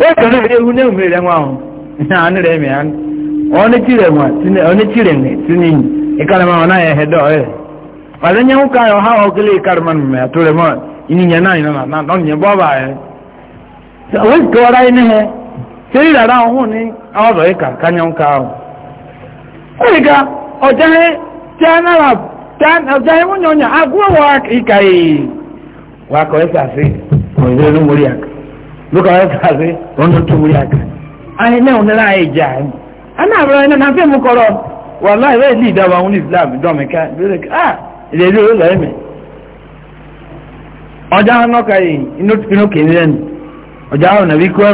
wọ́n kàn lè hu ní òmìnira wọn ọ̀hún ní àwọn rẹ̀ mìíràn ọ̀nìtìrẹ̀ wọn ọ̀nìtìrẹ̀ ní tìní pàdé ha ọ̀kẹ́lẹ̀ ìkàlẹ̀mọ̀ mẹ́ àtúrẹ̀ mọ́ ìnìyàn náà yìí náà náà nyẹ́ bọ́ọ̀bà ẹ̀ wọ́n ọ̀rá yìí ṣé ọ̀hún yìí ẹ̀ lókà wáyé kàwé ọ̀nà tó wúlò àkà ayé náà jà ẹ̀ ẹ̀nà àbúrò ẹ̀nà náà fẹ́ mú kọ́rọ̀ wà láì wẹ́ẹ̀ lì àwọn islam dọ́mẹ̀ká lórí ká ilẹ̀ ilé olóòlò ẹ̀mẹ̀ ọjà hàn náà kàyé inú kìíní lẹ́nu ọjà hàn nàbí náà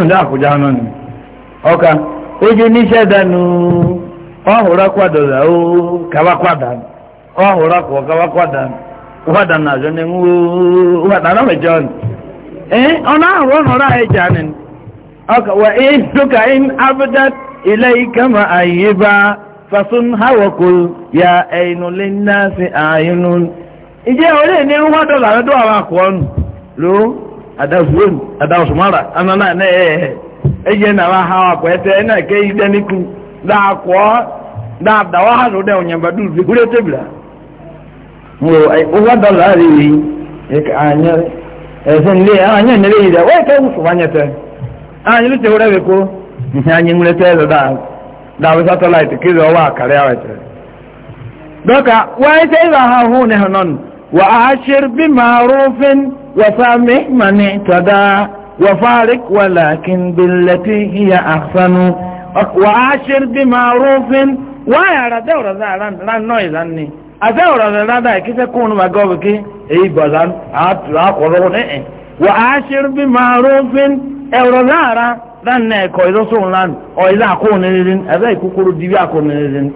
náà kwàdà kwàdà kwàdà eh e janin aka wa izuka in abdat ilayka ma ayiba fasun hawakul ya ainu linnasi ayinun ije ore ni ruwa do la awa ko nu lo ada zuwen ada sumara anana na eh eje na wa hawa ete na ke da da da wa ha de ẹ̀sìn ilé àwọn ah, yẹn nílé yìí dẹ̀ wọ́n kẹ́ wùsùn wáyé tẹ́ àwọn ah, yìí tẹ́ wúrẹ́ wíkó ìhànyí ń lẹ́tẹ́ ẹ̀sọ̀ dáàbí sátáláìtì kí lọ́wọ́ àkàrẹ́ àwọn ẹ̀tẹ́ dọ́kà wọ́n tẹ́ ìlà ahọ́hún ní hàn nọ́nù wà á ṣe bí màrúfin wà sàmì màní tọ́dá wà fárik wà làkín bìlẹ̀tì hìyà àṣánú wà á ṣe bí màrúfin wọ́n yàrá dẹ́wọ̀rọ̀ ase ọ̀rọ̀ rẹ̀ rádà ìkíṣẹ́ kún un màgá ọ̀bùkí èyí bọ̀dá àkọ̀rọ̀ nìyẹn wà á ṣe bí máa rófin ẹ̀rọ láàrá lánàá ẹ̀kọ́ ìdọ́sọ̀rọ̀ lánà ọ̀ ilé àkóhùn nírin ẹ̀fẹ́ ìkúkúrú dìbí àkóhùn nírin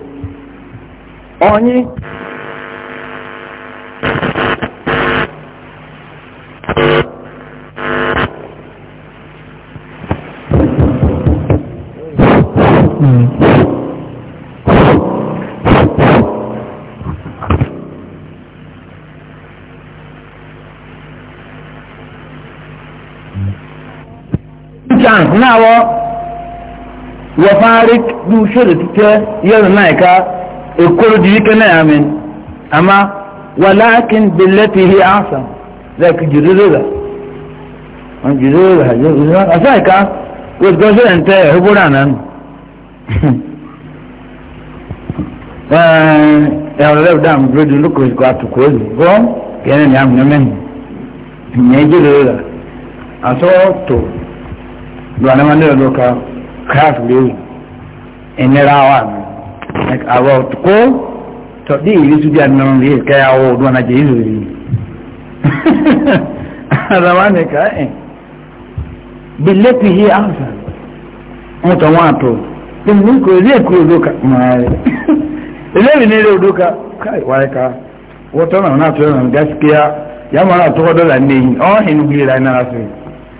chance na awọ wafarik bi ushere tite yẹn na ka ekoro di ike na ya min amma walakin billati hi asa like jirira an jirira jirira asa ka wo gozo ente hubura nan eh ya ole dam brodu luko ko atuko go kene ni am nemen ni jirira aso to duane ma ndelo doka craft lewi enera wa like about ko to di ili su dia non ri ka ya o duana je ilu ri zamane ka eh bilati hi ansa mto wato tun ko ri ko doka ma eh. elewi ne ro doka kai wa ka wato na na to na gaskiya ya mara to dole ne yi oh hin gura na rasu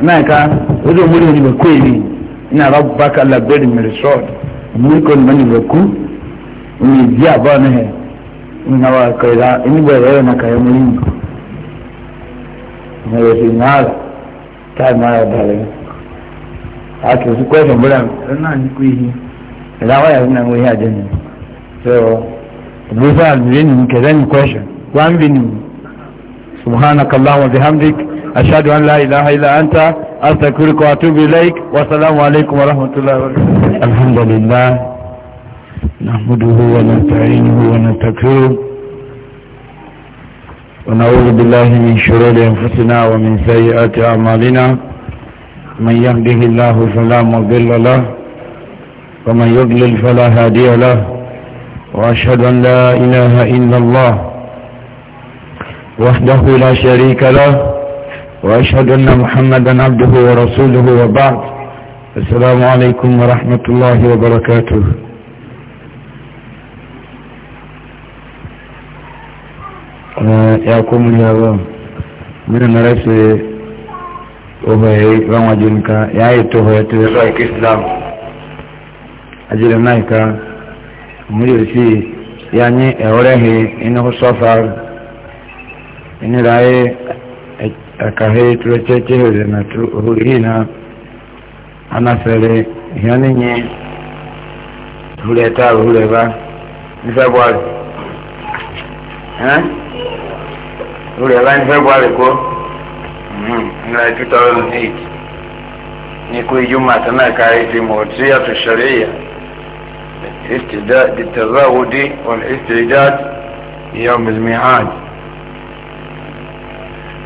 náà ojú omúlé ni bẹ̀kú èmi ní arábàkà labẹ́rì mẹ́rẹ́sọ́ọ̀d omúlíkọ́ ni bẹ̀ni bẹ̀kú òní ìdí àbá náà ní àwọn ina ẹnìgbà ẹ̀rọ náà kàyọ́ mú yìí ní ẹ̀rọ sí náà táì máa yà dàrẹ́ àti òsì kwẹ́sọ̀n bọ́lá ẹ̀rọ náà ní kú yìí ẹ̀rọ àwọn yàrá náà wọ́n yà jẹ́ ni so ìlú sáà lè ní kẹ̀rẹ́ ní kwẹ́sọ̀n wọ́n bí subhanakallah wa bihamdik. أشهد أن لا إله إلا أنت أستغفرك وأتوب إليك والسلام عليكم ورحمة الله وبركاته الحمد لله نحمده ونستعينه ونستغفره ونعوذ بالله من شرور أنفسنا ومن سيئات أعمالنا من يهده الله فلا مضل له ومن يضلل فلا هادي له وأشهد أن لا إله إلا الله وحده لا شريك له وأشهد أن محمدا عبده ورسوله وبعد السلام عليكم ورحمة الله وبركاته آه، يا رب من نرسل وهي رمى جنكا يا ويتبقى الإسلام أجل نايكا مجلسي يعني أوريه إنه صفر إن رأي akahe turacece hore na turina ana sere yani nye hure ta hure ba ni february eh hure ba ni february ko mhm na 2008 ni ku ijuma tana kai fi mawdu'a tu sharia استعداد للتزاود والاستعداد يوم الميعاد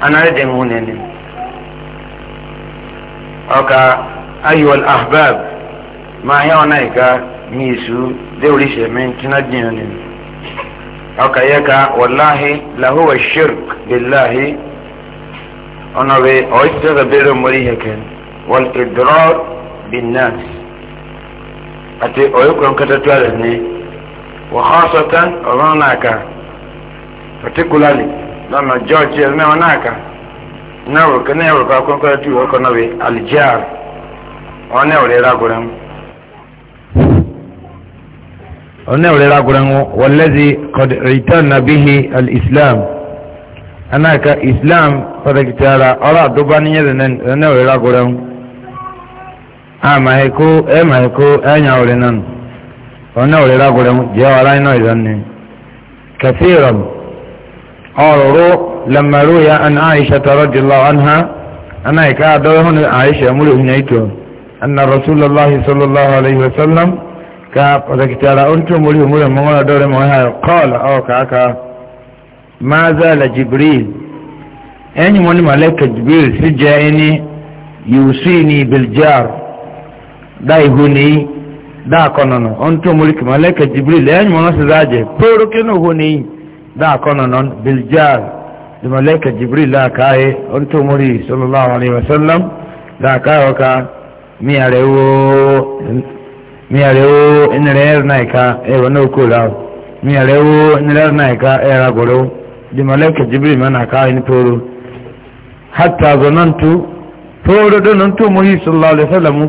anare de mu nene oka ayu al ahbab ma ya onaika misu de ulishe men tinajina nene oka yeka wallahi la huwa shirk billahi ona we oita da bero muri heken wal idrar bin nas ati oyukon katatwale ne wa khasatan oranaka particularly lọ́nà george ẹ̀ mẹ́wọ́n náà kan náà rò kí náà rò kọ́ akọ́kọ́ tí wọ́n kọ́ náà wí alijar wọn náà rẹ̀ rágùrẹ́ mu. wọn náà rẹ̀ rágùrẹ́ mu wọ́n lẹ́sí kọ́dìrìtàn nàbíhi alìsílám anáka islam pàtàkì tààrà ọ̀rọ̀ àdúgbò níyẹn rẹ̀ náà rẹ̀ rágùrẹ́ mu. àmà ẹ̀kọ́ ẹ̀ mà ẹ̀kọ́ ẹ̀yàn ọ̀rẹ́ náà wọn náà rẹ̀ rágùrẹ́ mu jẹ́ ọ̀rá iná ìdánimọ̀ kẹfì ìrọ̀mù. قال رو لما روي أن عائشة رضي الله عنها أنا كادر هنا عائشة ملو هنيتو أن رسول الله صلى الله عليه وسلم كتالا أنتم مولي ملو مغنى دور مهاي قال أو كاكا ما زال جبريل أني من ملك جبريل سجاني يوصيني بالجار دايهوني دا كنونو أنتم ملك ملك جبريل أني من سزاجه بوركنو هوني da kono non bil jar da malaika jibril la kai orto muri sallallahu alaihi wasallam da kai waka mi arewo mi arewo inere naika e wono kula mi arewo inere naika e ragoro da malaika jibril mana kai ni toro hatta zanantu toro don to muri sallallahu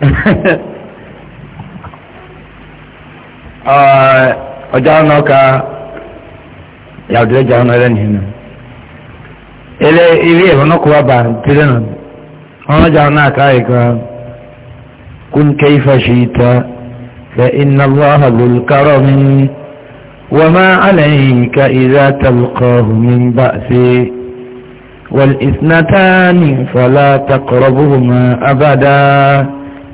Ah, ọjà ọ̀nà ọ̀ka yàwùdílẹ̀ jà ọ̀nà ẹlẹ́ni hìnnà ilé ilé ìrọ̀nà kò wá bá tìrẹ̀ nà ọ̀nà jà ọ̀nà àká ìkà kún kẹ́yìfà ṣe ìta fẹ́ iná lọ́hà lùkárọ̀ mi wọ́n máa àlẹ́yìn ìka ìdá tàbùkọ̀ mi bá sí والإثنتان فلا تقربهما أبداً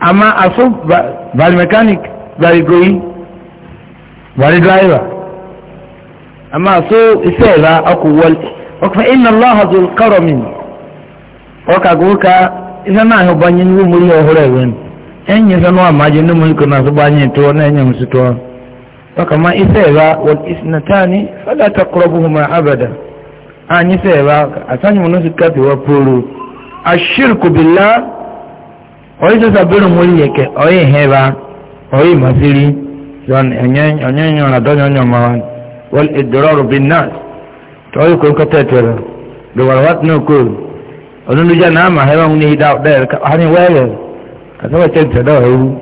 amma a so bari mechanic bari goyi bari driver amma a so ife ra akuwal ọkùnfà iná lọ́hà zol kọ́rọ̀mì ọkà gúrúkà ife náà hàn banyẹ ní wọ́n mú yẹ ọhúrẹ́ rẹ̀ ni ẹ̀yìn ife náà àmàjẹ ní mọ̀lẹ́kọ̀ náà tó banyẹ tó náà ẹ̀yìn mú sí tó ọkà má ife ra wọ́n ìsìnàtàní fẹ́lẹ́ tẹkọrọ bó hùmà abẹ́dà àyìn ife ra àtànyẹ̀mọ̀ náà sì káfíwá pòrò àṣírkù bìlá oyi sasa bere muri yeke oyi heba oyi masiri yon onyenyo na donyonyo mawan wal idraru bin nas to oyi kun katetero do warwat no ko onu nuja na ma heba ngini da da ka hani wele asaba chensa da hu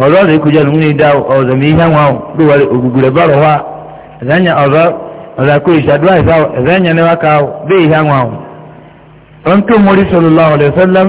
ọ̀rọ̀ rẹ̀ kújẹ́ lóun ní dá ọ̀zọ̀mí ihe wọn ló wọlé ògùgùrẹ̀ bọ̀rọ̀ wa ẹ̀zẹ̀nyẹ ọ̀rọ̀ ọ̀dàkó ìṣàdúrà ìfáwọ̀ ẹ̀zẹ̀nyẹ níwáka bẹ́ẹ̀ ihe wọn. ó ń tó mórí sọ̀rọ̀ lọ́wọ́ lẹ́sọ̀lọ́m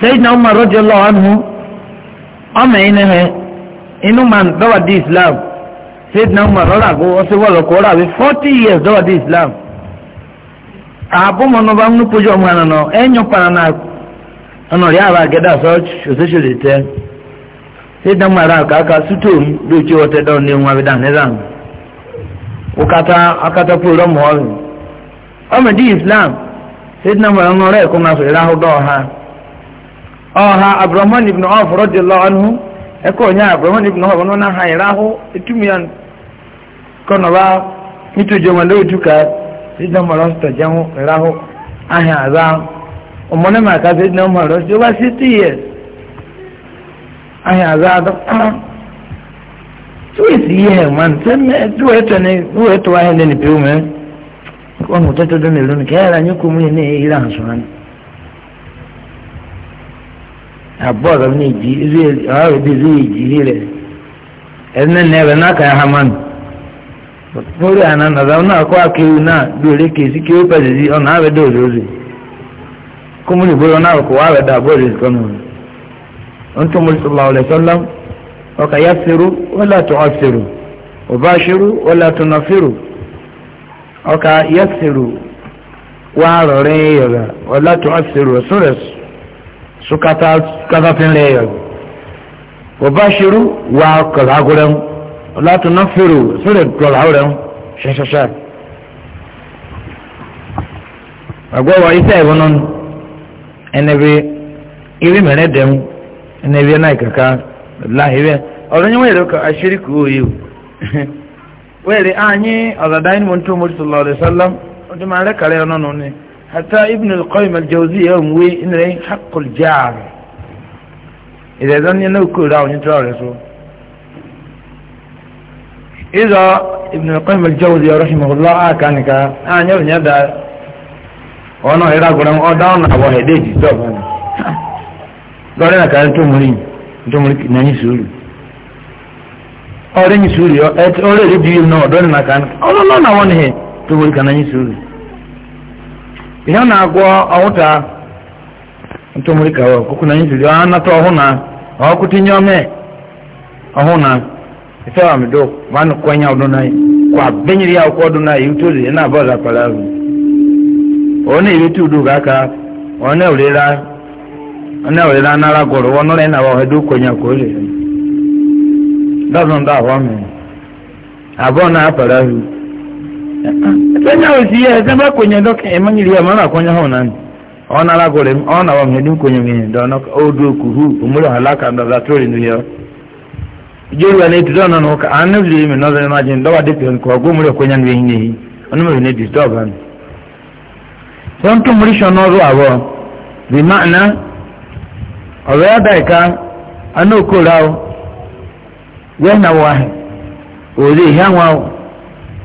sayidina umar radiyallahu anhu ọmọ yìí nìhẹ inú man dọ́wà di islam sayidina umar rọra kó ọsẹ wọlọ kó rà bí forty years dọ́wà di islam àbọ̀mọ̀ náà bá ń nupojú ọmọ àná náà ẹ̀yìn ọ̀pára náà ọ̀nà rí àrà gẹ́dà sọ́ọ́ch òṣèṣèlè tẹ́ sayidina umar rà aka sútò ń lójú ọtẹ dọ́ọ̀ ní ohun abidà nìzàn akata akátà pòrò ọmọ ọmọ di islam umar kó ha. ọha abdulrahman ibn dị lọ ọnụ ẹkọ onye abdulrahman ibn of na náà ha ìrahụ etumiya kọnọba nítòjọ wọn lórí duka sídìnà mọ̀rọ̀ sọ̀tọ̀ jẹun ìrahụ ahịa àzá ọmọ náà màkà sídìnà mọ̀rọ̀ sí over years ahịa aza dọ tí na abọ́ọ̀rọ̀ ní ìjì ọ̀rọ̀ bí rí ìjì rẹ̀ ẹni ní ẹ̀rẹ̀ na kàn na mọ́nu lórí àná na náà na akéwì náà bí òde kèsì kí ó pẹ̀lú sí ọ̀nà àwẹ̀dẹ̀ òdòdó kúmùlù ìgbóyọ náà kò wá àwẹ̀dẹ̀ àbọ̀rẹ̀ ìkọnù ń ọba sukata kafafin layar wa ba shiru wa kalaguren lati na firu sura kalaguren shashasha agwawa isa ibanon enebe iri mere dem enebe na ikaka lahiwe ọdún yíwọ̀n èrò kan aṣíríkù òye wẹ́rẹ̀ ààyè ọ̀dàdá ìnìmọ̀ tó mọ̀ sọ̀lọ̀ ọ̀dẹ̀sọ́lá ọdún máa rẹ̀ kàrẹ́ ọ̀nà nù ni حتى ابن القيم الجوزية يموي إن رأي حق الجار إذا ذن ينوكو راو يترارسو إذا ابن القيم الجوزية رحمه الله آكانك آن يرن يدى وأنا هراء قرام أدعونا وهديتي طبعا قالنا كان تمري تمري ناني سوري ọ̀rẹ́ ní sùúrì ọ̀rẹ́ ìdíyìí náà ọ̀dọ́ nìkan ọlọ́lọ́ náà wọ́n ní ẹ̀ tó wọ́n kàn án ní sùúrì ihe na-agwọ ọnwụta ntụmụrụ ka ọ na anyị ọ anata ọhụna na ọkụ tinye ome ọhụ na ife wa mido ma nụkwa na kwa benyere ya akwụkwọ ọdụ na ya uto ya na-abụ ọzọ ahụ ọ na-erite udo ga aka ọ na-ewerela ọ na-ewerela anara gwọrọ ọ nọrọ ịnawa ọha dị ukwenye ka o lere dọzọ ndị ahụ ọ abụọ na-apara ahụ sẹ́yìn òsì yẹ ẹsẹ̀ bá kònyẹ dọ́kẹ́ ẹ̀mọ́ nyìlì ẹ̀ mọ́nà àkọ́nyẹ hàn náà ọ̀nà alágọ̀rẹ̀ ọ̀nà àwọn ọ̀hìn ẹ̀dín kònyẹ mìíràn dọ́nà ọ̀dù òkùhù òmùlò àlákà ndọ̀dà tó rìn nìyẹn. ìjọba ẹni ti dọ́nà nù ká àánú lè mi nọ́ọ̀sẹ̀ ní májìn dọ́wà dé pẹ̀lú sọ na ihe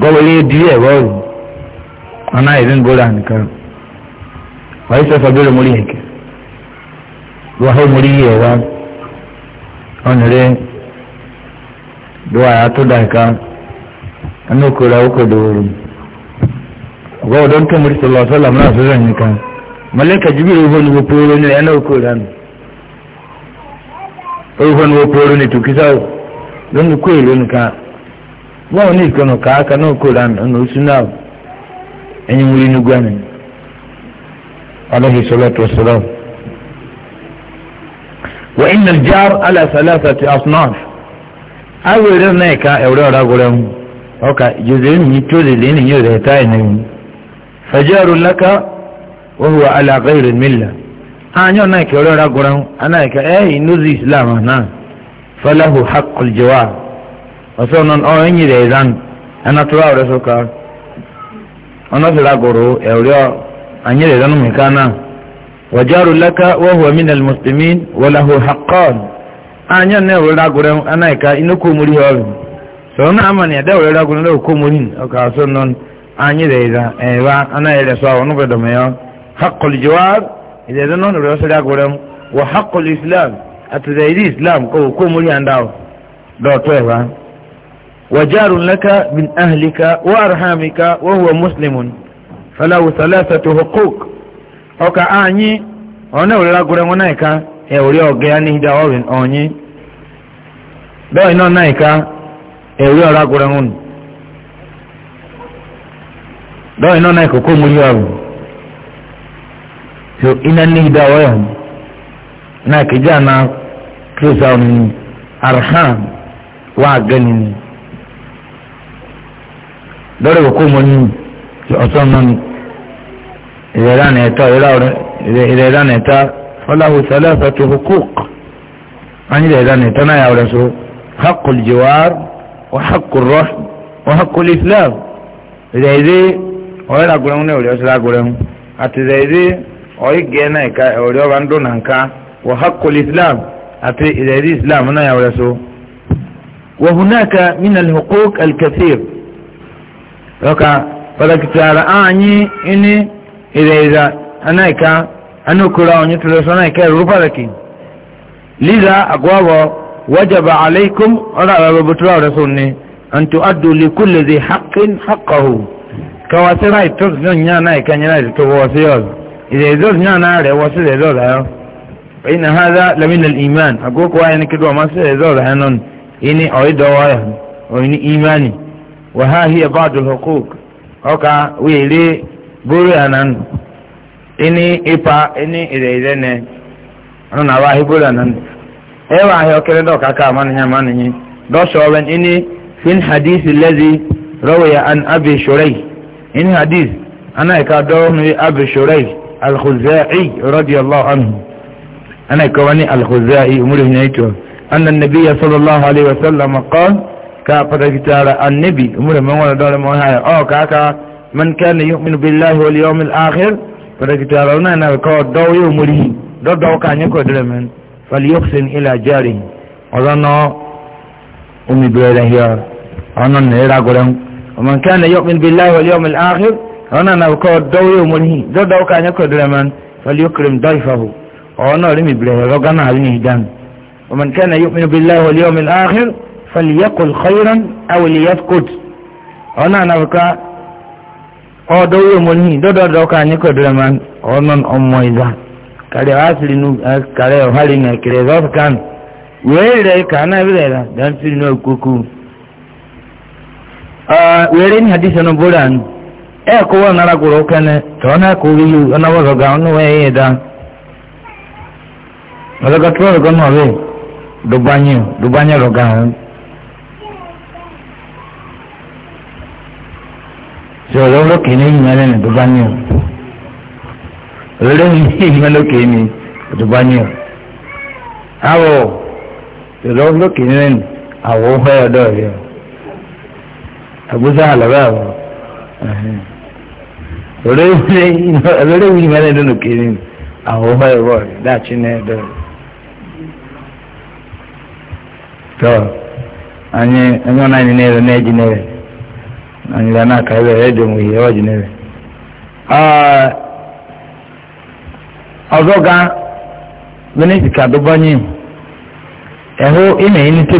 gọ́wọ́lé díẹ̀ wọ́ọ̀rù ọ̀nà ìrìn gọ́ra nìkan wàá sọ fàbẹ́rẹ̀ mórí ẹ̀kẹ́ wàá mórí yẹ̀ wá ọ̀nàrẹ́ lọ́wọ́ àtúndà ẹ̀ka ẹnu kura ó kò dòwòrò ọ̀gá ọ̀dọ́ tó mórí sọlọ ọ̀sọ́là múlá sọ́sọ́ nìkan mọ̀lẹ́kà jùbìrì òhun ni wọ́pọ̀ oró ní ẹnu kura nù òhun ni wọ́pọ̀ oró ní tòkísà wọn ò ní ìkànnì kàákà náà kó lánàá ọ̀nà oṣù náà ẹ̀yìn wúri ní gbani aláhi sọlọ́tò sọlọ́ wọ́n ìnà jar alásàlásà ti asnaf àwọn èrè náà ẹ̀ka ẹ̀rọ ọ̀rá gbọ́dọ̀ mu ọkà jòzè nìyí tó lè lé nìyí rẹ̀ táyì nìyí fẹjọ́rù lákà wọ́n wà alàgbé rẹ̀ mílà àyàn náà ẹ̀ka ẹ̀rọ ọ̀rá gbọ́dọ̀ mu àná ẹ̀ka ẹ̀ ìnúzi islam náà fọláhù hakul jawab ọsọ nọ ọ enyi rẹ zan anatọrọ e awọrẹ sọ ka ọnọsọrọ agoro ẹwúrẹ e anyi rẹ zan mi kana wàjáru laka wọhùwà mí nàlẹ mùsùlùmí wọláhù hàkọọl anya nà ẹwúrẹ agoro e anáìka inú kó múri ọrù sọ náà ama ni ẹdá ẹwúrẹ agoro náà kó múri ọkà ọsọ nọ anyi rẹ zan ẹwà anáyẹ rẹ sọ àwọn ọgbẹdọ mẹyọ hàkọl jọwàr ẹdẹ zan nọ rẹ ọsọrọ agoro wọ hàkọl islam àtẹ̀dẹ̀ ìdí islam kó kó múri àndáwò dọ̀tọ̀ ẹ̀wà. وجار لك من أهلك وأرحامك وهو مسلم فله ثلاثة حقوق أوكا أعني أنا ولا قرن ونايكا أولي أغياني دا أولين أعني دا إنا نايكا أولي أولا قرن ون دا إنا نايكا كو مليار so ina ni da wayan na kijana kusa arham wa ganin lọ́rọ̀ ìwòkó mo ní ọ̀sán náà ni ìrẹ̀lànà ẹ̀tọ́ ìrẹ̀lànà ẹ̀tọ́ fọláhùn sálẹ́fẹ̀ tó hukuk wọ́n ní ìrẹ̀lànà ẹ̀tọ́ náà yà wọ̀rẹ̀ so hakul jiwar wa hakul rọ́h wa hakul islam ìrẹ̀lẹ́ ọ̀rẹ́ àgùrẹ́ wọn ọ̀rẹ́ ọ̀sẹ̀ àgùrẹ́ wọn àti ìrẹ̀lẹ́ ọ̀rẹ́ gẹ̀ẹ́ náà ẹ̀ka ọ̀rẹ́ ọba ń dún náà nǹka wa hakul islam àti ìrẹ̀lẹ́ islam náà yà wọ̀rẹ̀ so. وهناك من الحقوق الكثير Doka balakitara ah, anyi ini ireiza anaika anukura onye tuloso anaika ruparaki. Liza agwabo wajaba alaikum ọ̀rọ̀ àbútura rẹ̀ sọ ni an tu'addu li kulli dhi haqqin haqqahu. Kawa sira ito zino nya anaika nya na ito wasi yoz. Ireizo nya na re wasi ireizo da yo. فإن هذا لمن الإيمان أقولك وعينك دوا ما سيزور هنون إني أعيد وعيه وإني إيماني وها هي بعض الحقوق أوكا ويلي بوري أنان إني إبا إني إليلني أنا واهي بوري أنان إيوا هي أوكي دوكا كامان هي ماني دوشو وين إني في الحديث الذي روي عن أبي شريح إني حديث أنا كادوني أبي شريح الخزاعي رضي الله عنه أنا كواني الخزاعي أمره نيته أن النبي صلى الله عليه وسلم قال ka pataki tara annabi umure man wala dole mo haya o kaka man kana yu'minu billahi wal yawmil akhir pataki tara na na ko do yo muri do do ka nyi ko dire men fal yuhsin ila jari odono umi bere hiya onon ne ra goran man kana yu'minu billahi wal yawmil akhir ona na ko do yo muri do do ka nyi ko dire men fal yukrim dayfahu ono rimi bere ro gana ni dan ومن كان يؤمن بالله واليوم الآخر فليقل خيرا أو ليسكت أنا نفكا ọdọ wo mo ní dọdọ dọ ká ní kọdọ man ọmọ ọmọ ìdá kàrẹ wàásìlì nù kàrẹ ọhálì nà kẹrẹ zọf kan wéé rẹ kà náà bí rẹ rà dáńtì nù ọkọọkọ. wéèrè ní hadith ọ̀nà bóra nù ẹ kó wọn nara gbòòrò kẹne tọ́ náà kó wíyú ọ̀nà wọ́n zọ̀gá ọ̀nà wọ́n yẹ dá. ọ̀dọ́gà tó rọ̀ gọ́nà ọ̀rẹ́ dùgbanyẹ̀ dùgbanyẹ̀ rọ̀ gà ọ̀hún. tí ọ̀rọ̀ olókè ní yìí mẹ́rin ní tó bá ní o òrèrè ní yìí mẹ́rin lókè ní tó bá ní o àwọ̀ ọ̀rọ̀ olókè ní rẹ̀ àwọ̀ ọ̀hẹ́ ọ̀dọ́ rẹ̀ o àgbóṣá àlọ́bẹ̀ àwọ̀ òrèrè yìí mẹ́rin lókè ní àwọ̀ ọ̀hẹ́ ọ̀rọ̀ rẹ̀ ní ẹ̀dọ́ tọ́ anyị onye ọ na-anyị na-eji n'ere an ila na ka ebe redio mu ihe ọjị ọzọ ga minisi dubanye ẹhụ ime yi n'ite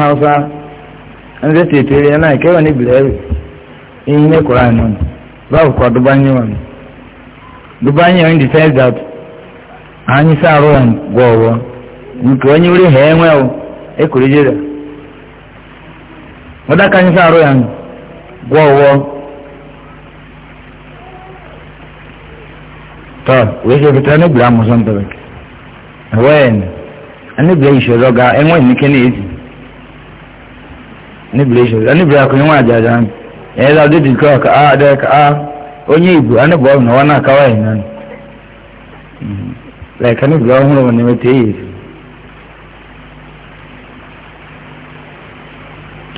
hausa ndị tetere ya na ewe ni bilere ihe ne dubanye wọn dubanye anyị sa arụ nke onye wuri ha enwe ekuru jira ọdọ kanyi sáà rọ ya nù gwọwọ tọ wee ṣe fitaa n'egbiri amụsọ ntọrọ ẹwọ ya nù anibiri ìṣòro ga ẹnwọ ìnike n'ezi anibiri ìṣòro anibiri akụnye nwa ajaja nù ẹyẹ dà ọdịdị kọ ka a adịghị ka a onye igbo anibiri ọbụla ọ na-akawa ya nù lẹka anibiri ọhụrụ ọ na-emete ya ezi.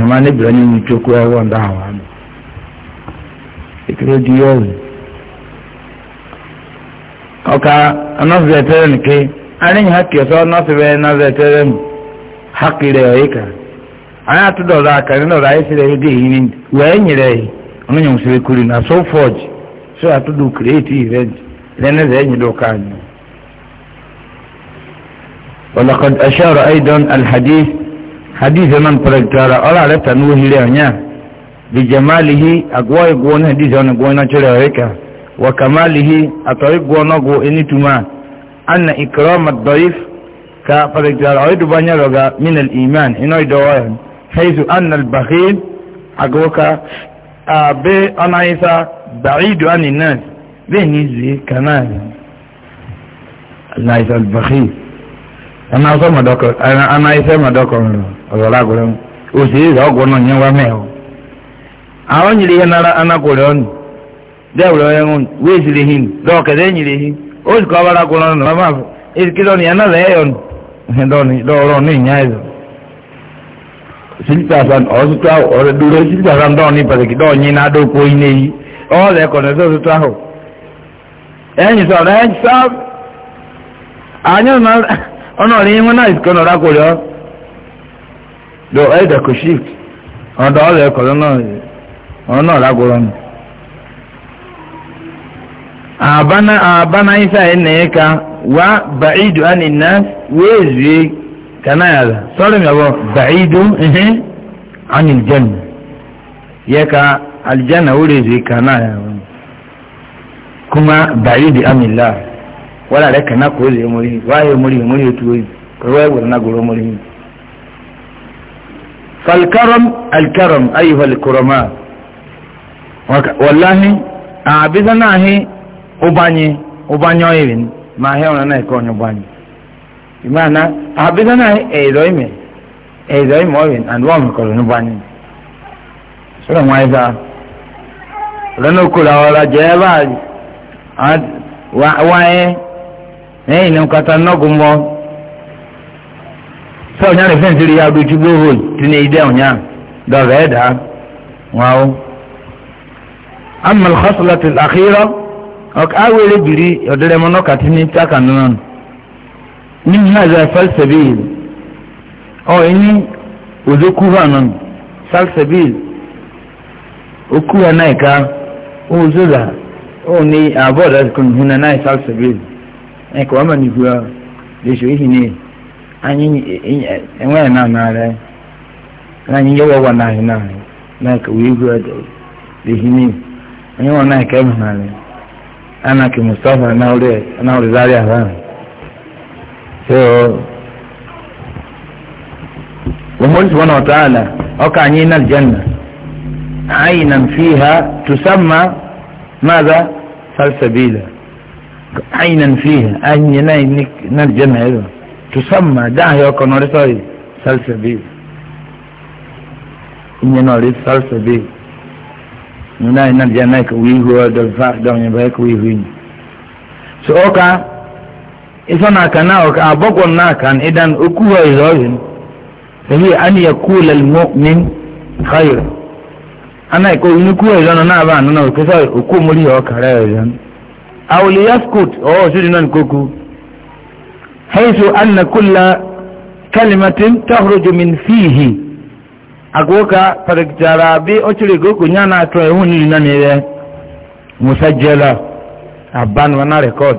ẹ̀ma ní bìrẹ̀ ní ìtòkú ẹ̀wọ̀ ndá àwọn àmì ìkúrò di yọ̀wù. ọ̀ka ọ̀nọ́sibẹ̀ tẹ́lẹ̀ nìke arìnrìn hakì ọ̀sọ́ ọ̀nọ́sibẹ̀ ọ̀nọ́sibẹ̀ tẹ́lẹ̀ mu hakì rẹ̀ ọ̀yíkà anyị atụdọrọ aka ndị ọrụ anyị sịrị ego ehiri wee nyere ya ọnụ nyere usoro kuri na so forge so atụdọ create event lene zai nyere ụka anyị. ولقد أشار أيضا الحديث hadith nan prakara ala re tanu hire anya bi jamalihi agwa igwo na hadith ona gwo na chere reka wa kamalihi atori gwo na gwo enituma anna ikram ad-da'if ka prakara oidu banya roga min al-iman ino idoya haythu anna al-bakhil agwaka abe anaisa ba'idu anin nas beni zi kanani anaisa al-bakhil ẹ̀nà ọ̀sọ́ mọ̀dọ́kọ̀ ẹ̀nà iṣẹ́ mọ̀dọ́kọ̀ ọ̀rọ̀ lágọ̀rẹ́ mu òsì ìrọ̀ ọ̀gọ̀ náà yẹn wá mẹ́ọ̀. àwọn nyìlì yẹn nara anakọ̀rẹ́ ọ̀nù dẹ́wùrẹ́ ọ̀yẹ́ ńun wíì sì lè hin dọ́ọ̀kẹ́dẹ́ nyìlì hin ó sì kọ́ abárakọ̀rọ̀ ọ̀nù bàbá àfọ̀ èsìkí lọ́nù yẹn náà lẹ́yọ̀ nù dọ́ọ̀rọ̀ ní ìyá ẹ̀zọ̀. sílítàsán ọ̀sùtà ọ̀rẹ́ dúró sílítàsán dọ́ọ̀ ní pàtàkì dọ́ọ̀ yín náà dọ́ọ̀ kọ́ iné yìí ọ̀ọ́lẹ̀ kọ̀nẹ́ sọ́sùtà hù. ẹ̀yìn sọ̀rọ̀ ẹ̀yìn sáà àyàn náà ọ̀nà rí wọn náà ìsìnkọ́ náà rákò lọ ẹ̀dẹ̀ kò shift ọ̀dọ̀ ọ̀rẹ́ ẹ̀kọ́ ọ̀nà náà rákò rẹ̀ àbáná àbáná isa ka, wá bàídù ánì náà wéèzùé kanáyàlá sọ́rọ̀ mi àbọ̀ bàídù ánì ya ka aljanna wúrèzùé kanáyàlá kuma bàídù ánì wala re kana ko le muri wa ye muri muri to yi ko wa wa na goro muri fal karam al karam ayuha al kurama wallahi abizana hi ubanye ubanyo yin ma he ona na ko nyo banye imana abizana hi e do ime oyin and wa ko no banye so na wa iza lọ́nà kò làwọn ọ̀rọ̀ jẹ́ báyìí ẹ̀yìn ní kata nọ́gùn mbọ sọ ọ̀nyá rẹ̀ fẹ́ǹsì rí yàgò tí gbóhò tí ní ìdẹ́ ọ̀nyá dọ̀rọ̀ ẹ̀dá wọn o. amal xasala ti àkírọ́ ọ̀kà awéré bìrì ọ̀dẹ́rẹ́ mọ́ nọ́ọ̀kà tí ní táàkà nínú ní mìíràn ẹ̀ fẹ́lsẹ̀bìl ọ̀ ẹ̀yìn òdòkú hàn nù fẹ́lsẹ̀bìl òkú náà ẹ̀ka òun zòlà òun ní àbọ̀dà kùn hùnà náà fẹ́lsẹ̀bìl. ẹ̀kọ́ ọmọ nìgbò lẹ́sọ̀ yìí anyị e, e, e, enweghị na narị anyị nyewe ụwa narị narị na-eke wee gụọ anyị nwa na-eke ebe narị mustapha na-ọrụ zari ahụ so ومن سبحانه وتعالى أوقع علينا الجنة عينا فيها تسمى ماذا سلسبيلا عينا فيها أين نين نرجمها إذا تسمى داهية وكنوريسوي سلسبيل إني نوريس سلسبيل نين نرجمها كويهو دلفاق دوني بهيك ويهوين so oka iso na ka na oka abogon na kan idan ukuwa izoyin sabi an ya kula almu'min khair ana ko ni kuwa izona na ba na ko sai uku muri oka ra izon àwòlè yaskut ọwọ́ òṣèlú náà kókó haisu anna kulla kalimatin tahrojo min fihi agoka farajara bi ocire goko nyana to ehun ni na ne musajjala aban wana record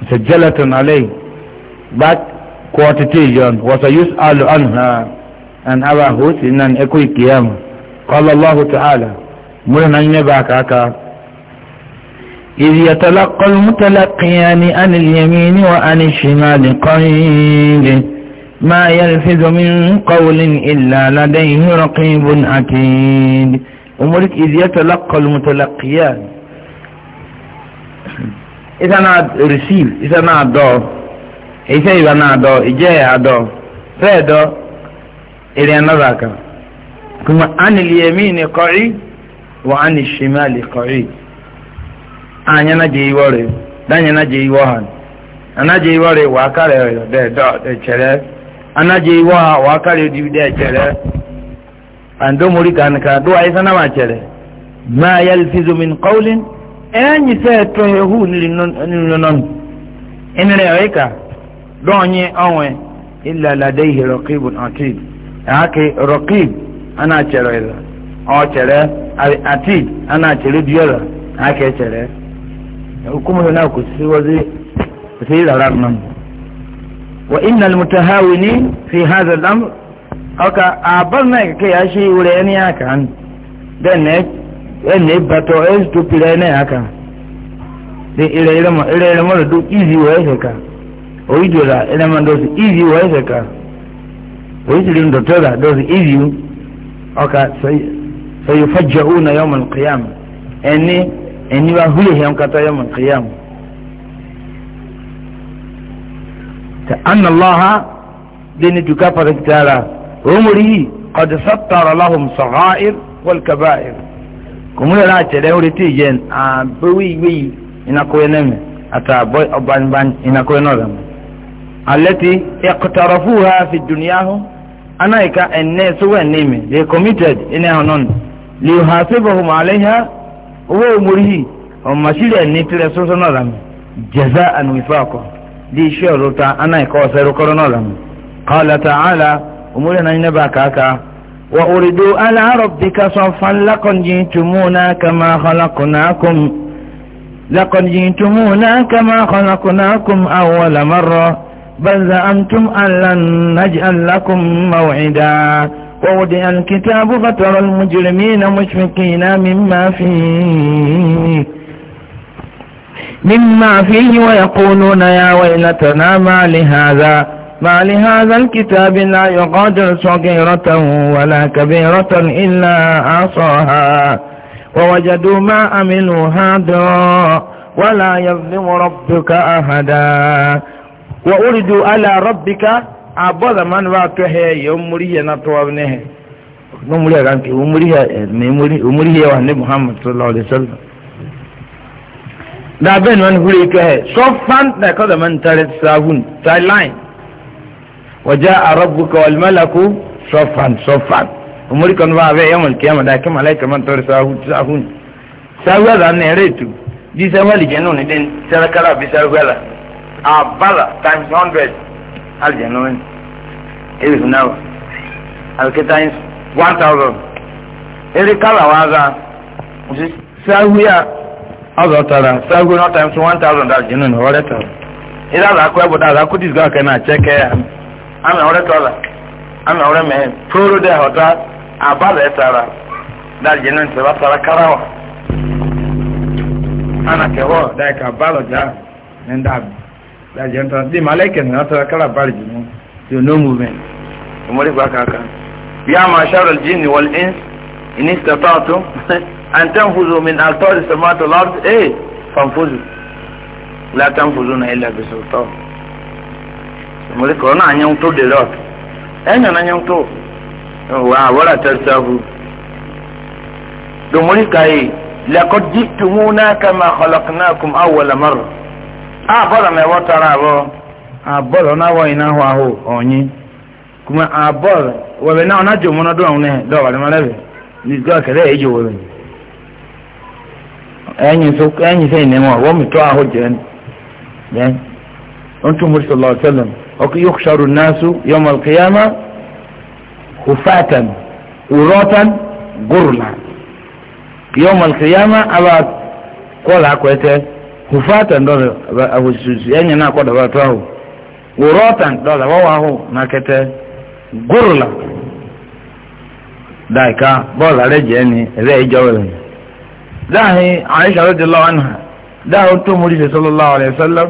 musajjalatun alay back quotation wa sayusalu anha an aba husinan ekoi kiyama qala allah ta'ala mun nan ne ba kaka إذ يتلقى المتلقيان عن اليمين وعن الشمال قيد ما يلفظ من قول إلا لديه رقيب أكيد أمرك إذ يتلقى المتلقيان إذا أنا رسيل إذا أنا أدو إذا إذا أنا أدو إجاي أدو فأدو إلي أنا ذاك كما عن اليمين قعيد وعن الشمال قعيد anya na je iwore danya na je ha, ana je iwore wa kare yo de do de chere ana je iwa wa kare di de chere ando muri kan ka do ai sana ma chere ma yalfizu min qawlin enyi se to he hu ni non non enere oika do onye onwe illa ladayhi raqibun atid ake raqib ana chere o chere atid ana chere diora ake chere hukumu na kusiwazi sai rarar nan wa innal mutahawini fi hadha al-amr aka abar na kai ya shi wure ne haka an dan ne en ne bato es to pire ne haka de ire ire ma ire ire ma do easy wa haka o ido la ire ma do easy wa haka o ido ndo to da do easy aka sai sayufajjauna yawm al-qiyamah eni ẹni wa hule hẹn kata yẹ mọ̀ kìyàmù. ta anna allaha deni tuka farakitara omurihi qad sattara lahum sagha'ir wal kaba'ir kuma yana ce da wuri ti yen a bawi wi ina koyi ne me ata boy oban ban ina koyi no da allati iqtarafuha fi dunyahum ana ka enne suwa ne me they committed ina hanon li yuhasibuhum alaiha owó omori ọmọ sílẹ̀ ní tirẹ̀ sọ́sọ́ náà lànà jẹ̀zá ànúwìfà ọkọ̀ di iṣẹ́ ọ̀rọ̀ta anáìkọ́ ọ̀sẹ̀ rúkọ́rọ́ náà lànà kọ́lá tààlà omori náà yín bá kàákà wà òrìdó aláàrọ̀ bí ká sọ fan lákọ̀njì tùmúnà kàmá kọ́lákùnákùn lákọ̀njì tùmúnà kàmá kọ́lákùnákùn àwọn làmọ́rọ̀ bẹ́ẹ̀ ووضع الكتاب فترى المجرمين مشفقين مما فيه مما فيه ويقولون يا ويلتنا ما لهذا ما لهذا الكتاب لا يغادر صغيرة ولا كبيرة إلا عصاها ووجدوا ما أملوا هذا ولا يظلم ربك أحدا وأردوا على ربك abọ́ zamani b'a tɔ hɛ yɛ omori yɛ na tɔwa ne hɛ ne muri yɛ kan kɛ omori yɛ mɛ omori yɛ wa ne muhammadu sallallahu alaihi wa sallam daa bɛn nɔni huri tɔ hɛ sɔfan na ka zamani taari saabun taari lain wajan arabu ka walima lako sɔfan sɔfan omori kanu b'a bɛ yamal kiyama daa kama alayi kama tɔri saabun saabun saabun yɛ zan nɛɛrɛ tu disa wali jɛnɛw ni den sarakala bi sarakala a bala times hundred aljanna wani iri suna ba alkita yin 1000 iri kalawa za sahu ya ọzọ tara sahu na times 1000 aljanna na ọrẹ tara iri ala akọ ẹbọ dara akọ disgo aka na cheke ya ami ọrẹ tọla ami ọrẹ mẹ fóró dẹ ọta abalẹ tara daljanna ti ba tara karawa ana kẹwọ dẹ ka balọ ja ní ndàbí that you understand the malaika na ta kala barji no you no movement umuri ba kaka ya mashar al jinn wal ins in istata'tum an tanfuzu min altar samawati wal ard eh fanfuzu la tanfuzuna illa bi sultan umuri ko na anyam to de lot enya na anyam to wa wala tarsahu dumuri kai laqad jittumuna kama khalaqnakum awwala marrah abọla na ewọtara abọ abọla na awọ ina ahụ ahụ onyi kuma abọla wẹbẹ náà ọ̀nà jòmọ́ náà dùn àwọn ẹ̀ dọ̀wà lẹ́mọ́ lẹ́bẹ̀ ní ìgbà kẹlẹ́ èyí jò wẹ̀rẹ̀ ẹ̀yìn sọ ẹ̀yìn sẹ́yìn ahu wọn wọ́n mi tọ́ ahọ́ jẹ́ ẹ̀ ó sọlọ sẹlẹm ọkọ yóò sọrọ yọmọ hufatan urotan gurla yọmọ kìyàmá aba hufata ndola abususu yenye na koda watu hao urota ahụ na hao nakete gurla daika bola reje ni reje wala dahi aisha radhiallahu anha dahu tumuri sallallahu alaihi wasallam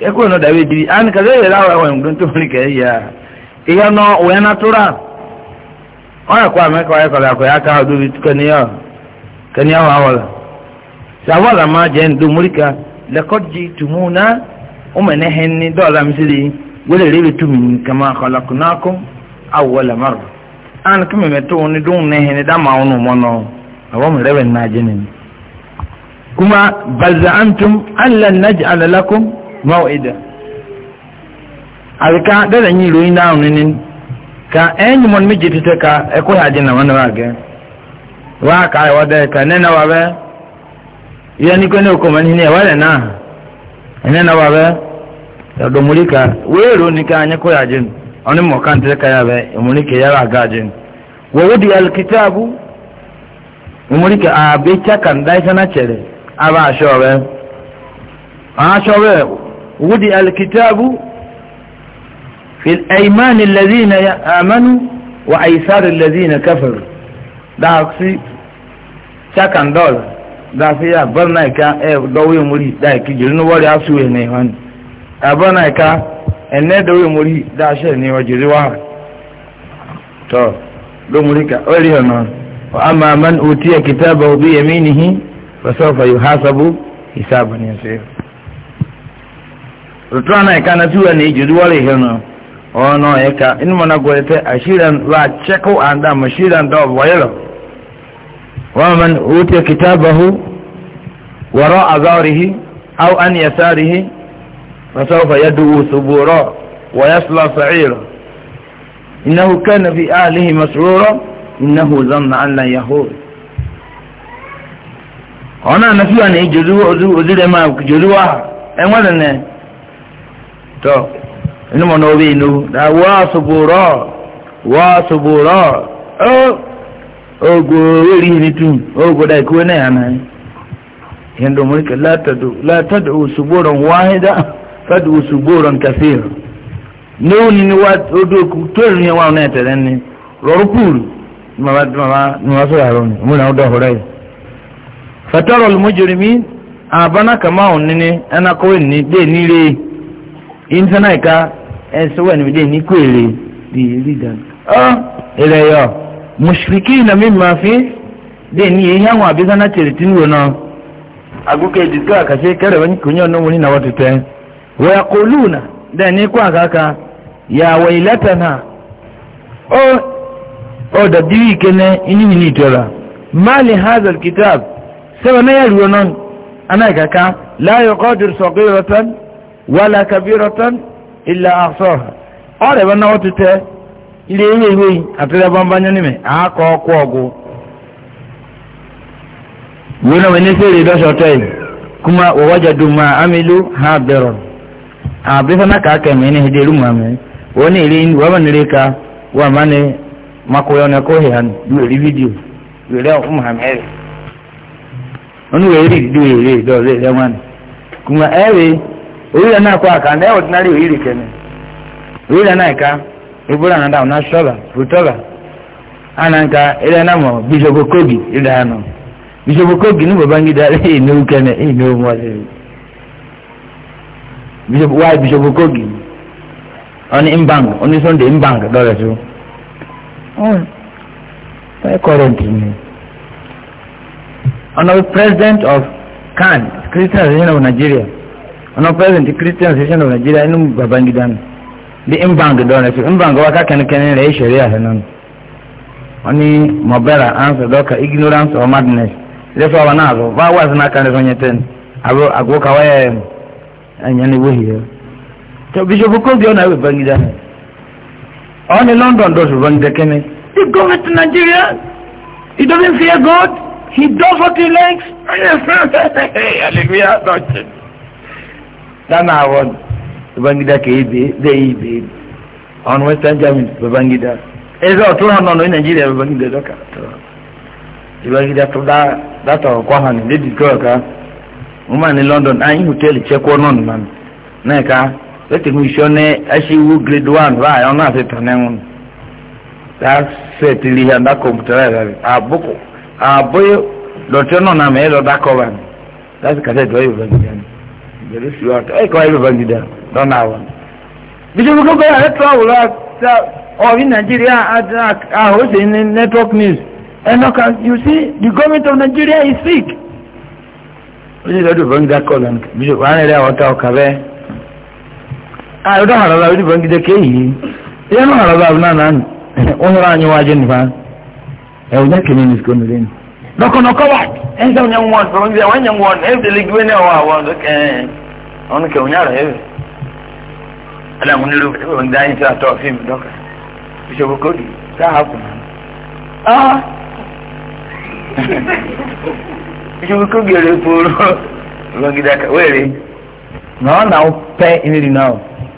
ekuwa no dawidi an ya iya no wena tura ona kwa me kwa kwa kwa yaka dubi tukaniya ma lakɔji tumuna umene henni dɔla misiri wele rebe tumi kama kɔlakunako awɔla maro an kame mɛ tó ni dun ne henni dama awonu mɔnɔ awɔ mu rebe naaje ne kuma balza antum ala naji alalakum maw ida abika dada nyi loyin daa nini ka ɛn nyumɔn mi jitete ka ɛkó yà jina wani wa gɛ waa kaa yɛ wɔ dɛ ka nena wa bɛ ìyá ní kọ́ ní okò mọ́ ní ẹ̀wá rẹ̀ náà ẹ̀ní ẹ̀nà wà bẹ́ ọ̀dọ̀ múlíkà wéèrò ní ká anyẹ́ kóyà jẹ́ ọ̀ní mọ̀ ká ntẹ́ yàrá àgá jẹ́ wọ́wọ́ di alikitaabu ìmúlíkà àbẹ́ chaka ndáyísáná kyerẹ́ àbá aṣọ bẹ́ aṣọ bẹ́ wọ́wọ́ di alikitaabu fil ẹ̀yìmánì àmánu wà àyísáàrì lẹ́dínà káfíìrì dáhùsí chaka ndọ́ọ̀lù. dafi ya bar na ka e dawo muri da ki jirin wari asu ne han abar na ka enne dawo muri da she ne wa jiri wa to do muri ka ori hono wa amma man utiya kitabahu bi yaminihi fa sawfa yuhasabu hisaban yasir na ka na tuwa ne jiri wari hono ono eka in mana gorete ashiran wa cheko anda mashiran do wayro ومن أوتي كتابه وراء ظهره أو أن يساره فسوف يدعو ثبورا ويصلى صعيرا إنه كان في أهله مسرورا إنه ظن أن لا يهور أنا نفي أن يجزوا أزيل ما يجزوا أين ولن تو إنما نوبي إنه لا واصبورا واصبورا أو ogo weri ni tun ogo da ko na yana yando mulki la tadu la tadu suburan wahida fadu suburan kaseer noni ni wat odo ku tori ni wa na tele ni rorupuru ma ba ma ba ni wa so yaro ni mo na odo hore fatara al mujrimin abana kama onini ana ko ni de ni re insana ka en so wen bi de ni ko ere di ridan ah ele yo mushriki na mimma fi dai ni yin yawon abin zana tiritin wani aguke diska a kashe kare wani kunyon nan wani na wata ta wa ya koluna da ni kwa kaka ya wailata na o o da biyu kene ini mini tora mali hazal kitab sai na yari wani ana kaka la ya kodir sogiratan wala kabiratan illa aksaha ọrẹ bá náwó títẹ ilé ewé ewé àtúndà bámbányá ni mẹ àákọ ọkọ ọgù ìwé náà wọn ní sèrè dọ́sọ̀tọ̀ yìí wọ́wọ́jà dùnmọ́ amílù ha bẹ̀rọ̀ àbífọ́nà kàákẹ́ mi ní mi wọ́n ní wọ́n bá nílé ka wọ́n àmà ní makoyọ̀ ní ẹ̀kọ́ ìhàn lórí fídíò lórí ọ̀fun muhammed wọn ní wẹ́ẹ́rì dídú èrè dọ́ọ̀rẹ́ ẹ̀rẹ́wọ̀n kuma e ibura na dawo na shola rutola ananka ile na mo bisogo kogi ile ano bisogo kogi ni babangida ile ni ukene ile ni umwase bisogo wa bisogo kogi oni mbang oni sonde mbang dole tu oh e quarantine ono president of kan christian association of nigeria ono president christian association of nigeria inu babangida ni di imbang don na fi imbang wa ka kan kan ne shari'a hanan wani mabara an sa doka ignorance or madness da fa wana zo ba wa na kan zo nyeten abu ago ka waye anyani wuhi to bishop ko dio na we bangida on in london do so bangida kene the government of nigeria he doesn't fear god he does what he likes hallelujah don't that now one babangida ka ebe zai ibe on western germany babangida eze ọtụrụ ha nọ na naijiria babangida dọka babangida data ọkwa ha ndị dịkọ ọka mma ni london anyị hotelu chekwa nọ na na ka wetin we show ne ashiwu grade one ba ọ na asịta na enwu that set ili ha nda kọmputa ya abụkụ abụghị dọtụ nọ na ma ịlọ dakọba that's cassette ọ yi babangida ni. Bẹ̀rẹ̀ sí wa, ẹ̀ kọ́ ẹ̀ babangida. lọ́nà àwọn. bíṣọ́bù gbogbo ààrẹ travel ta ọ̀rí nàìjíríà àhóṣe ní network news ẹnọ́ka you see the government of nigeria is sick. ó ní ìdádò bọ́ngídá kọ́ lọ́nà bíṣọ́bù wà á rẹ̀ àwọn ọ̀tá ọkà bẹ́ẹ̀. àìrọ́dọ̀ àrọ́bà ìdí bọ́ngídá kéyìí ìyẹn náà àrọ́bà àbúrò náà nù ó yọrọ àyẹ̀wò ajé nìfà ẹ̀wọ̀n jẹ́ kìnìún ní sikọ́ni lẹ́nu. lọ́kọ̀nọ́kọ́ wa ẹ̀ wọ́n sọ̀rọ̀ wọ́n ẹ̀ ana mun ro mun da yin ta to fim doka bishe ko kodi ta haku nan ah bishe ko kodi re poro lo gida ka now pay in it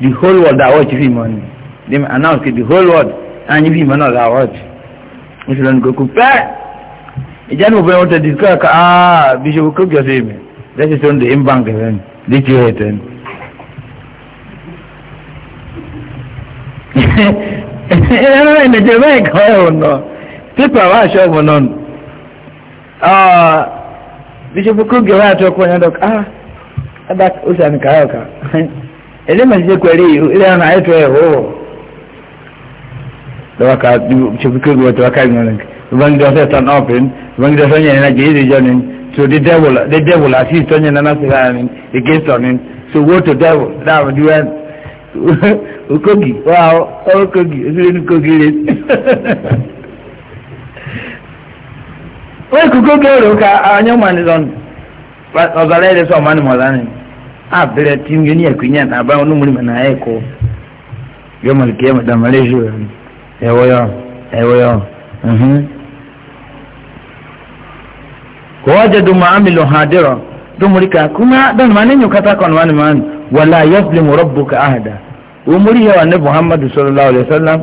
the whole world that watch film on them announce the whole world and you film on that watch we should go cook pay ìjánu òfin wọn tẹ discover ka ah bishe ko kodi ọsẹ mi that is on the imbank event this year ten. ẹ̀rọ ìnìjẹ́ bẹ́ẹ̀ kọ́ ẹ̀wọ̀n náà pípà wá aṣọ ọ̀bùn náà bíṣọ́pù kúgì wá àti ọkọ̀ yẹn dọ̀kà á ẹ̀dá oṣù àmì kàáyọ̀ká ẹ̀lẹ́mọ̀ ṣiṣẹ́ pẹ̀lú ilé ọ̀nà àyẹ̀tọ̀ ẹ̀ wọ́wọ́ lọ́wọ́ká bíṣọ́pù kúgì wọ́n ti wá káyọ̀ náà ìbọn gíga ọ̀sẹ̀ tán ọ̀pìn ìbọn gíga ọ̀sẹ̀ yẹn náà jẹ́ ìdíjọ́ ni so the devil the devil àti ìtọ́nyẹ̀ náà náà against ọ̀ni so woe to devil that would do okogi wáá okogi osire ní kogi rẹ wọ́n kú kogi èrò ká àwọn ọmọ ní sọ́nù ọ̀zọ̀lá ẹ̀rẹ́ sọ ọmọ ní mọ̀lá ni àbẹ̀rẹ̀ tí ń yọ ní ẹ̀kú yẹn àbá wọn múlò mọ̀ náà ẹ̀kọ́ yọ mọ̀lì kí ẹ mọ̀ dàmọ́ lé ṣù ẹ̀wọ́ yọ ẹ̀wọ́ yọ wọ́n jẹ́ dùnmọ̀ àmì lọ́hàn àdìrọ̀ dùnmọ̀ rí ká kúmá dùnmọ̀ ní nyùkátà kan wà ní mọ̀ wàlá yọ umuri ya wani muhammadu sallallahu alaihi wasallam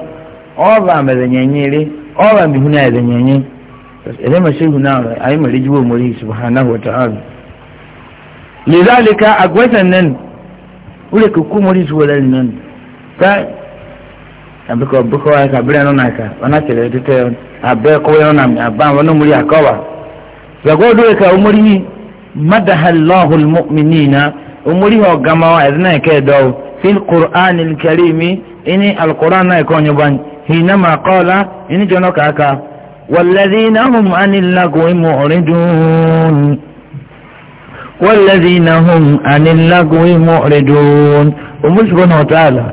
ọba mẹzẹnyẹnyi rí ọba mihuna ẹzẹnyẹnyi ẹdẹ mẹsẹhu náà rẹ ayé mẹrẹ jíwọ umuri subhanahu wa ta'ala lezalika agwẹsẹn nẹnu wúlò kúkú umuri suwọlẹ nẹnu ká abikọ bukọ ayé kabirẹ nọ n'aka ọ̀nà kyerẹ títẹ abẹ kọwé nọ n'ami abá wọn umuri akọwa gbàgbọ́ dọ́ ẹ̀ka umuri madahallahu mu'minina umuri hàn gamawa ẹ̀dínà ẹ̀kẹ́ dọ́wọ́. في القرآن الكريم إني القرآن يكون يبان حينما قال إني جنوك أكا والذين هم عن اللغو معرضون والذين هم عن اللغو معرضون ومش سبحانه وتعالى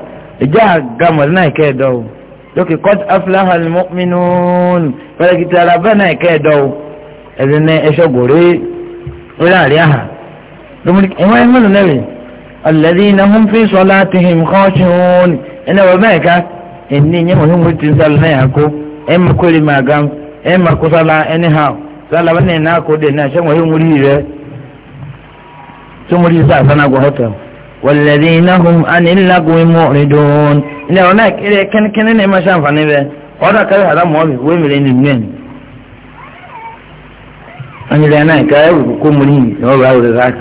جاء قمر نايكا لكي قد أفلح المؤمنون فلكي ترابا نايكا إذن إيشو قري ولا رياها لكي إما يمنون نبي الذين هم في صلاتهم خاشعون انا وباك اني ني مهم تنزل ناكو اما كل ما قام اما كسلا انها سلا بني ناكو دي نا شن وهم مريره تمري سا سنا غوتا والذين هم عن اللغو معرضون انا هناك كان كان ما شان فني به ودا كان هذا مو وي مرين نين اني لا انا كاي كومري لو باو ذاك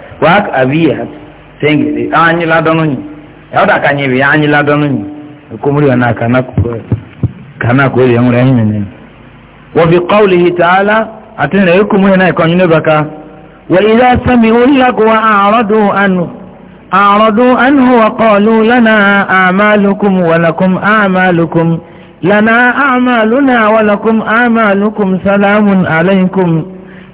wak abiya tenge eh, anyi ladono nyi yauda eh, kanyi bi anyi ladono nyi kumuri wana kana ku kana ku ya mura yin ne wa bi qawlihi ta'ala atin ne ku mun na kanyi ne baka wa idha sami'u lagwa a'radu anhu a'radu anhu wa qalu lana a'malukum wa lakum a'malukum lana a'maluna wa lakum a'malukum salamun alaykum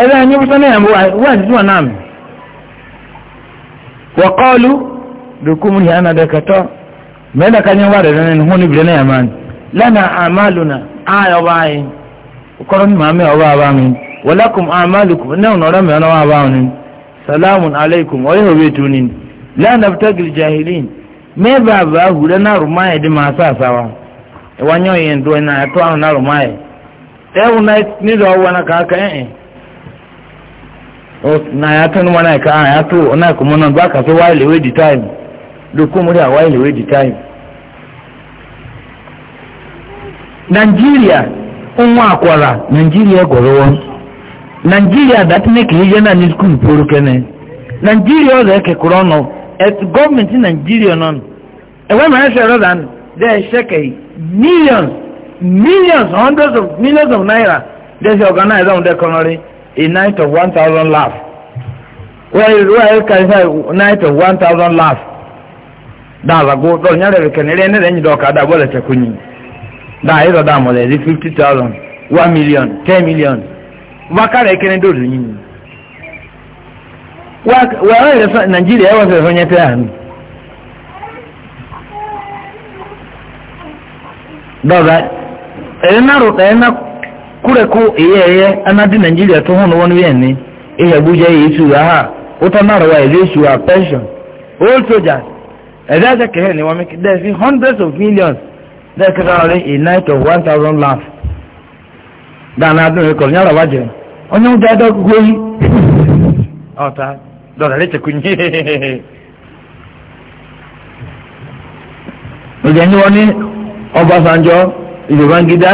ẹ̀rọ ẹni bí sọ́nà ẹ̀mú wà ní wọn náà mi. wọ́n kọ́ọ̀lù dùkúmù ní anadẹ́kẹ̀tọ́ mẹ́ta kan yẹn wà rẹ̀ rẹ̀ hún níbi náà máa ní. lẹ́nà àmàlùnà ayọ̀ ọba yìí kọ́rọ́ ní màmí ọba ọba mi wọ́lákùn àmàlùkùn náà nọ̀rọ̀ mi ọ̀nà ọba mi salamu alaykum ọ̀yẹ́ òwe tó ní lẹ́nà tẹ́gìlì jahilin mẹ́bà bá hùrẹ́ náà rùmáyé Oh, na ya tun mana ka ya to na kuma nan ba ka so while away the time do ko mu da while away the time Nigeria nwa akwara Nigeria goro won Nigeria that make hije na ni school poru kene Nigeria ze ke kurono et government in Nigeria non e we man say rather than they shake millions millions hundreds of millions of naira they organize on the economy a night of 1,000 laughs. Where, where can I night of one thousand 1,000 laughs? Daza go, do nyare vikenere nere nyi doka da bole chekunyi. Da hizo da Fifty thousand, one million, ten million. Wakare kene dozu nyinyi. Wawele Nigeria ewa se sonye teani. Daza, elena ruta, elena kúrẹ̀ kó èyẹ ẹ̀yẹ anadi nàìjíríà tó hàn wọn wíyẹn ni èyẹ abuja èyí ìṣura ha wọ́tá náà wà èyí ìṣura pension old soldiers ẹ̀dá ẹ̀sẹ̀ kẹ̀hẹ́ ni wọ́n there is hundreds of millions there is a night of one thousand laugh dáná adùn rẹ̀ kọ̀ọ̀lù yàrá wájẹ̀ ọ̀nyẹ́ yìí ọ̀tá dọ̀rọ̀ ni wọ́n ní ọbaṣanjọ́ ìjọba ń gidi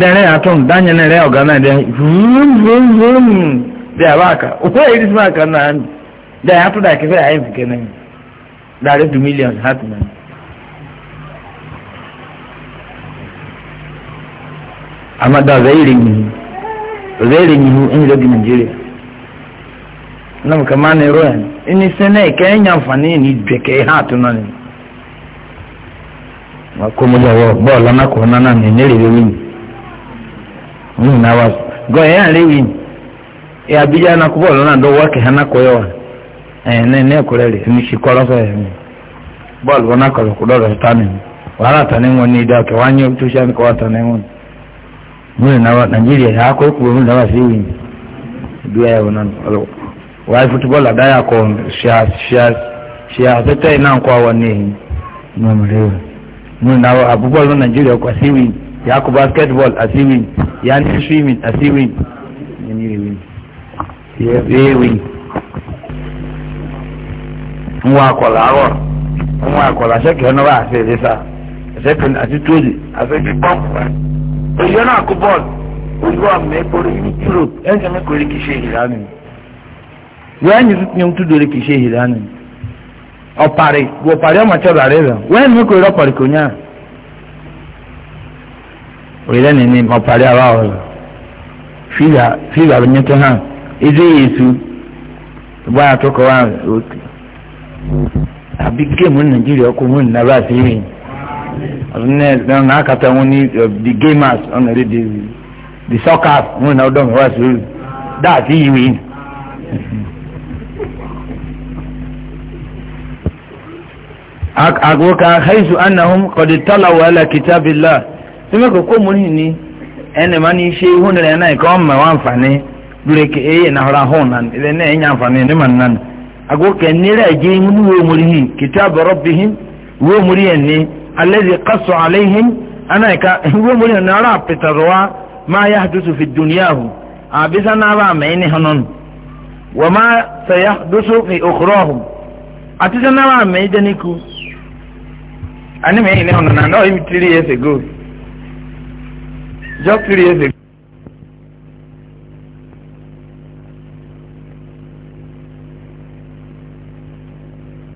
dẹ̀rẹ́ àtún dáyẹnẹ rẹ̀ ọ̀gá náà dẹ̀ vúúvúúvúúm dẹ̀ àbáàkà òkú èyí tí máa náà ní dẹ̀ kẹfẹ́ àyè fìkẹ́ náà dàrẹ́ tù mílíọ̀nù hàtì náà. amada zaire nyihu zaire nyihu in zogi nigeria na mu kama ne roya ini sene ke enya mfani ni dweke ha to na ni wa ko mu ya la na ko na na ni ne mun na wa go ya lewi e abija na kubo na do wake hana ko yo eh ne ne ko le mi shi ko lo so e mi bol wona ko ko do ta ni wala ta ni woni da ke wanyo tu shan ko ta ni won na wa nigeria ya ko ko mun da wa si wi duya ya wona wa football ada ya ko shia shia shia tete na ko wa ni mun na wa football na nigeria ko si ya ku basketball a siwin ya ni swimming a siwin ya ni rewin ya rewin nwa akọla arọ nwa akọla ṣẹkẹ ọ̀nà wa àti ẹ̀dẹ́sà ṣẹkẹ àti tóòlì àti ẹ̀dẹ́ pọ́ǹpù èyí ọ̀nà àkó bọ́ọ̀lù olú àmì ẹ̀kọ́rí ní europe ẹ̀sẹ̀ mi kò rí kì í ṣe ìlànà wẹ́n ní tuntun yẹn tó dòrí kì ṣe ìlànà ọ̀pàrí ọ̀pàrí ọmọ tí ọ̀rọ̀ wẹ́n ní kò rí ọ̀pàrí kò ní àná òyìnbó ni ní nǹkan parí ara ọ̀rọ̀ fíìlà ló ní tó hàn ẹdí yéésù ìgbà àtọkọ wa àbí géèmù nàìjíríà ọkọ mú nínú abá sí rìn ọdún náà ẹ̀sìn náà kàtà wọn ní the gamers ọ̀nà èdè the the soccer mú nínú ọdún mi wá sí rìn dáàtì yìí wìn. أقولك حيث أنهم قد اطلعوا على كتاب الله sima koko muri ni ene mani she hunde na na ko ma wan fane dure ke e na hora honan ile ne nya fane ne man nan ago ke ni ra je mu wo muri ni kitab rabbihim wo muri ne alladhi qassa alaihim ana ka wo muri na ra petarwa ma yahdusu fi dunyahu abisa na ba mai ne hanon wa ma sayahdusu fi ukhrahum atisa na ba mai daniku ani mai ne hanon na no 3 years ago just three years ago.